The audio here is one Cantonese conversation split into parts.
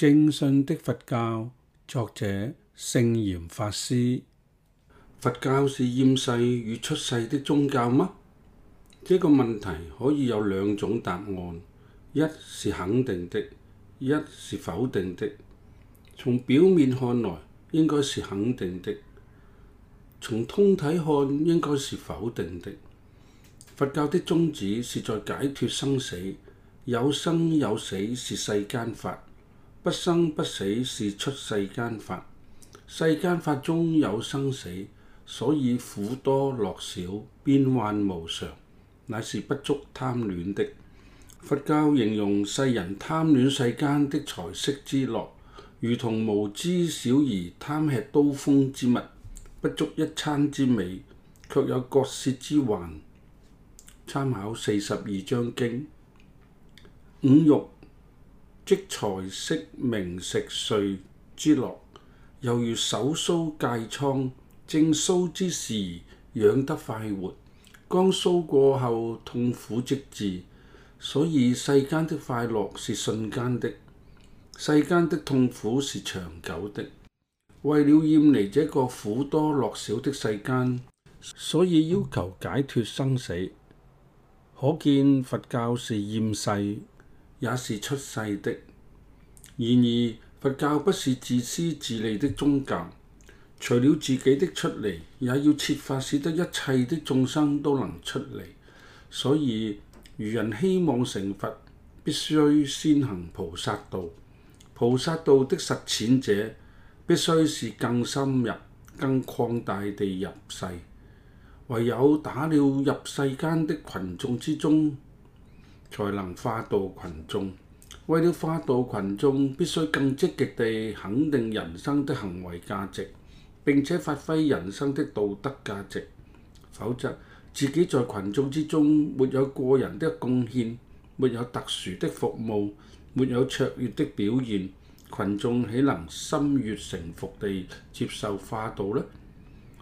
正信的佛教，作者聖嚴法師。佛教是厭世與出世的宗教嗎？這個問題可以有兩種答案一：一是肯定的，一是否定的。從表面看來，應該是肯定的；從通體看，應該是否定的。佛教的宗旨是在解脫生死，有生有死是世間法。不生不死是出世間法，世間法中有生死，所以苦多樂少，變幻無常，乃是不足貪戀的。佛教形容世人貪戀世間的財色之樂，如同無知小兒貪吃刀鋒之物，不足一餐之美，卻有割舌之患。參考四十二章經，五欲。積財色名食睡之樂，猶如手搔疥瘡，正搔之時養得快活；剛搔過後痛苦即至。所以世間的快樂是瞬間的，世間的痛苦是長久的。為了厭離這個苦多樂少的世間，所以要求解脫生死。可見佛教是厭世，也是出世的。然而佛教不是自私自利的宗教，除了自己的出離，也要設法使得一切的眾生都能出離。所以愚人希望成佛，必須先行菩薩道。菩薩道的實踐者必須是更深入、更擴大地入世，唯有打了入世間的群眾之中。才能化導群眾。為了化導群眾，必須更積極地肯定人生的行為價值，並且發揮人生的道德價值。否則，自己在群眾之中沒有個人的貢獻，沒有特殊的服務，沒有卓越的表現，群眾豈能心悅誠服地接受化導呢？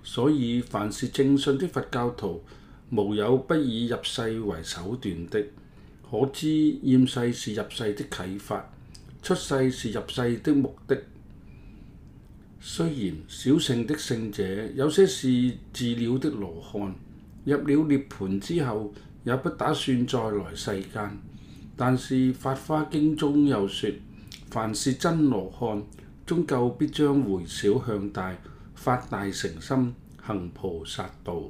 所以，凡是正信的佛教徒，無有不以入世為手段的。可知厭世是入世的啟發，出世是入世的目的。雖然小乘的聖者有些是自了的羅漢，入了涅盤之後也不打算再來世間，但是《法華經》中又說，凡是真羅漢，終究必將回小向大，發大乘心，行菩薩道。